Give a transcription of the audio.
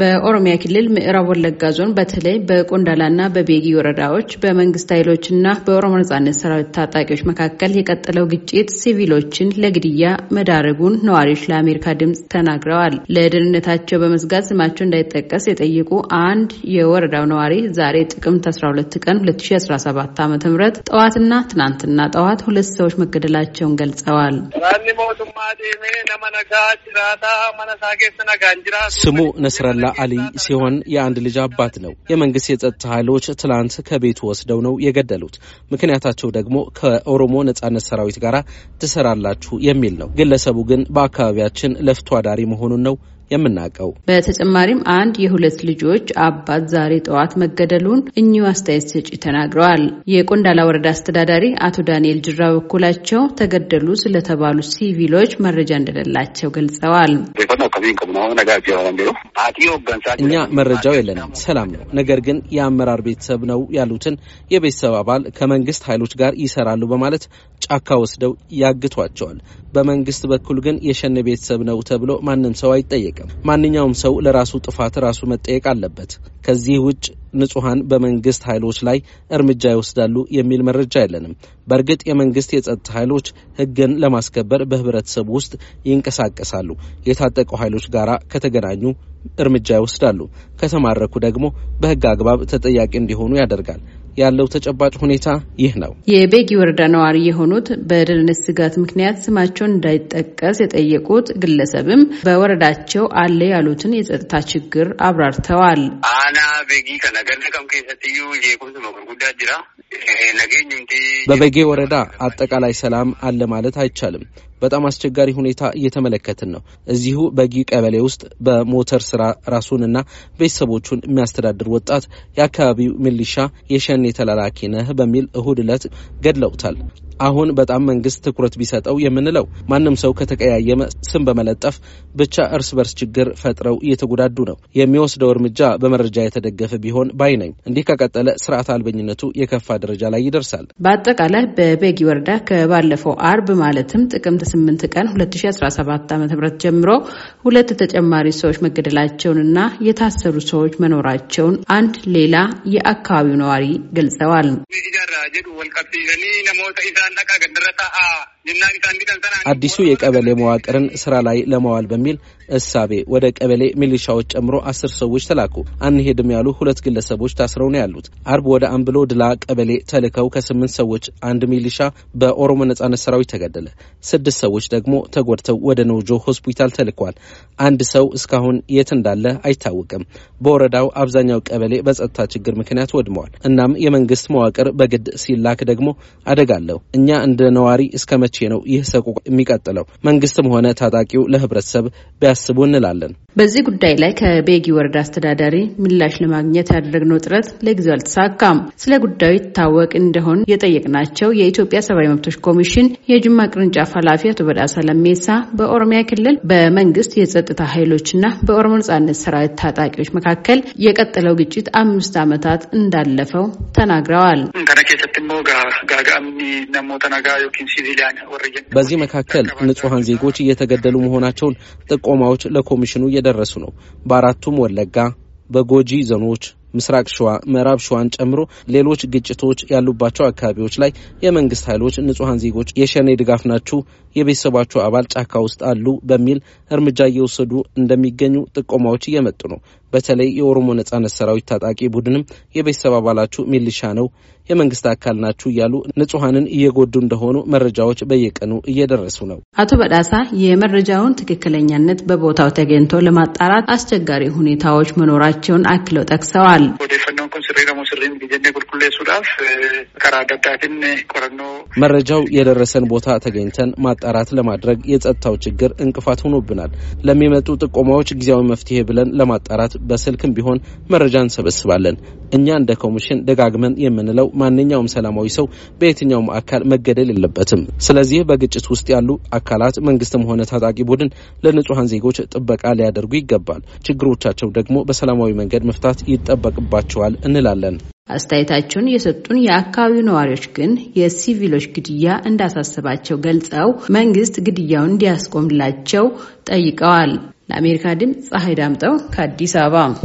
በኦሮሚያ ክልል ምዕራብ ወለጋ ዞን በተለይ በቆንዳላና በቤጊ ወረዳዎች በመንግስት ኃይሎችና በኦሮሞ ነጻነት ሰራዊት ታጣቂዎች መካከል የቀጠለው ግጭት ሲቪሎችን ለግድያ መዳረጉን ነዋሪዎች ለአሜሪካ ድምፅ ተናግረዋል። ለደህንነታቸው በመስጋት ስማቸው እንዳይጠቀስ የጠየቁ አንድ የወረዳው ነዋሪ ዛሬ ጥቅምት 12 ቀን 2017 ዓ ም ጠዋትና ትናንትና ጠዋት ሁለት ሰዎች መገደላቸውን ገልጸዋል። ስሙ ነስረላ አብዱላ አሊ ሲሆን የአንድ ልጅ አባት ነው። የመንግስት የጸጥታ ኃይሎች ትላንት ከቤቱ ወስደው ነው የገደሉት። ምክንያታቸው ደግሞ ከኦሮሞ ነጻነት ሰራዊት ጋር ትሰራላችሁ የሚል ነው። ግለሰቡ ግን በአካባቢያችን ለፍቶ አዳሪ መሆኑን ነው የምናውቀው። በተጨማሪም አንድ የሁለት ልጆች አባት ዛሬ ጠዋት መገደሉን እኚሁ አስተያየት ሰጪ ተናግረዋል። የቆንዳላ ወረዳ አስተዳዳሪ አቶ ዳንኤል ጅራ በኩላቸው ተገደሉ ስለተባሉ ሲቪሎች መረጃ እንደሌላቸው ገልጸዋል። እኛ መረጃው የለንም፣ ሰላም ነው። ነገር ግን የአመራር ቤተሰብ ነው ያሉትን የቤተሰብ አባል ከመንግስት ኃይሎች ጋር ይሰራሉ በማለት ጫካ ወስደው ያግቷቸዋል። በመንግስት በኩል ግን የሸነ ቤተሰብ ነው ተብሎ ማንም ሰው አይጠየቅም። አይጠይቅም። ማንኛውም ሰው ለራሱ ጥፋት ራሱ መጠየቅ አለበት። ከዚህ ውጭ ንጹሐን በመንግስት ኃይሎች ላይ እርምጃ ይወስዳሉ የሚል መረጃ የለንም። በእርግጥ የመንግስት የጸጥታ ኃይሎች ህግን ለማስከበር በህብረተሰቡ ውስጥ ይንቀሳቀሳሉ። የታጠቁ ኃይሎች ጋር ከተገናኙ እርምጃ ይወስዳሉ፣ ከተማረኩ ደግሞ በህግ አግባብ ተጠያቂ እንዲሆኑ ያደርጋል። ያለው ተጨባጭ ሁኔታ ይህ ነው። የቤጊ ወረዳ ነዋሪ የሆኑት በደህንነት ስጋት ምክንያት ስማቸውን እንዳይጠቀስ የጠየቁት ግለሰብም በወረዳቸው አለ ያሉትን የጸጥታ ችግር አብራርተዋል። በበጌ ወረዳ አጠቃላይ ሰላም አለ ማለት አይቻልም። በጣም አስቸጋሪ ሁኔታ እየተመለከትን ነው። እዚሁ በጊ ቀበሌ ውስጥ በሞተር ስራ ራሱንና ቤተሰቦቹን የሚያስተዳድር ወጣት የአካባቢው ሚሊሻ የሸኔ ተላላኪ ነህ በሚል እሁድ ዕለት ገድለውታል። አሁን በጣም መንግስት ትኩረት ቢሰጠው የምንለው ማንም ሰው ከተቀያየመ ስም በመለጠፍ ብቻ እርስ በርስ ችግር ፈጥረው እየተጎዳዱ ነው። የሚወስደው እርምጃ በመረጃ የተደገፈ ቢሆን ባይ ነኝ። እንዲህ ከቀጠለ ስርዓት አልበኝነቱ የከፋ ደረጃ ላይ ይደርሳል። በአጠቃላይ በቤጊ ወረዳ ከባለፈው አርብ ማለትም ጥቅምት 8 ቀን 2017 ም ጀምሮ ሁለት ተጨማሪ ሰዎች መገደላቸውንና የታሰሩ ሰዎች መኖራቸውን አንድ ሌላ የአካባቢው ነዋሪ ገልጸዋል። አዲሱ የቀበሌ መዋቅርን ስራ ላይ ለማዋል በሚል እሳቤ ወደ ቀበሌ ሚሊሻዎች ጨምሮ አስር ሰዎች ተላኩ። አንሄድም ያሉ ሁለት ግለሰቦች ታስረው ነው ያሉት። አርብ ወደ አምብሎ ድላ ቀበሌ ተልከው ከስምንት ሰዎች አንድ ሚሊሻ በኦሮሞ ነጻነት ሰራዊት ተገደለ። ስድስት ሰዎች ደግሞ ተጎድተው ወደ ኖጆ ሆስፒታል ተልኳል። አንድ ሰው እስካሁን የት እንዳለ አይታወቅም። በወረዳው አብዛኛው ቀበሌ በጸጥታ ችግር ምክንያት ወድመዋል። እናም የመንግስት መዋቅር በግድ ሲላክ ደግሞ አደጋለሁ። እኛ እንደ ነዋሪ እስከ መቼ መቼ ነው ይህ ሰቁ የሚቀጥለው? መንግስትም ሆነ ታጣቂው ለህብረተሰብ ቢያስቡ እንላለን። በዚህ ጉዳይ ላይ ከቤጊ ወረዳ አስተዳዳሪ ምላሽ ለማግኘት ያደረግነው ጥረት ለጊዜው አልተሳካም። ስለ ጉዳዩ ይታወቅ እንደሆን የጠየቅናቸው የኢትዮጵያ ሰብአዊ መብቶች ኮሚሽን የጅማ ቅርንጫፍ ኃላፊ አቶ በዳሳ ለሜሳ በኦሮሚያ ክልል በመንግስት የጸጥታ ኃይሎችና በኦሮሞ ነጻነት ሰራዊት ታጣቂዎች መካከል የቀጠለው ግጭት አምስት ዓመታት እንዳለፈው ተናግረዋል። በዚህ መካከል ንጹሐን ዜጎች እየተገደሉ መሆናቸውን ጥቆማዎች ለኮሚሽኑ እየደረሱ ነው። በአራቱም ወለጋ፣ በጎጂ ዞኖች ምስራቅ ሸዋ፣ ምዕራብ ሸዋን ጨምሮ ሌሎች ግጭቶች ያሉባቸው አካባቢዎች ላይ የመንግስት ኃይሎች ንጹሐን ዜጎች የሸኔ ድጋፍ ናችሁ፣ የቤተሰባችሁ አባል ጫካ ውስጥ አሉ በሚል እርምጃ እየወሰዱ እንደሚገኙ ጥቆማዎች እየመጡ ነው። በተለይ የኦሮሞ ነጻነት ሰራዊት ታጣቂ ቡድንም የቤተሰብ አባላችሁ ሚሊሻ ነው የመንግስት አካል ናችሁ እያሉ ንጹሐንን እየጎዱ እንደሆኑ መረጃዎች በየቀኑ እየደረሱ ነው። አቶ በዳሳ የመረጃውን ትክክለኛነት በቦታው ተገኝቶ ለማጣራት አስቸጋሪ ሁኔታዎች መኖራቸውን አክለው ጠቅሰዋል። መረጃው የደረሰን ቦታ ተገኝተን ማጣራት ለማድረግ የጸጥታው ችግር እንቅፋት ሆኖብናል። ለሚመጡ ጥቆማዎች ጊዜያዊ መፍትሄ ብለን ለማጣራት በስልክም ቢሆን መረጃ እንሰበስባለን። እኛ እንደ ኮሚሽን ደጋግመን የምንለው ማንኛውም ሰላማዊ ሰው በየትኛውም አካል መገደል የለበትም። ስለዚህ በግጭት ውስጥ ያሉ አካላት መንግስትም ሆነ ታጣቂ ቡድን ለንጹሐን ዜጎች ጥበቃ ሊያደርጉ ይገባል። ችግሮቻቸው ደግሞ በሰላማዊ መንገድ መፍታት ይጠበቅባቸዋል። እንላለን። አስተያየታቸውን የሰጡን የአካባቢው ነዋሪዎች ግን የሲቪሎች ግድያ እንዳሳሰባቸው ገልጸው መንግስት ግድያውን እንዲያስቆምላቸው ጠይቀዋል። ለአሜሪካ ድምፅ ፀሐይ ዳምጠው ከአዲስ አበባ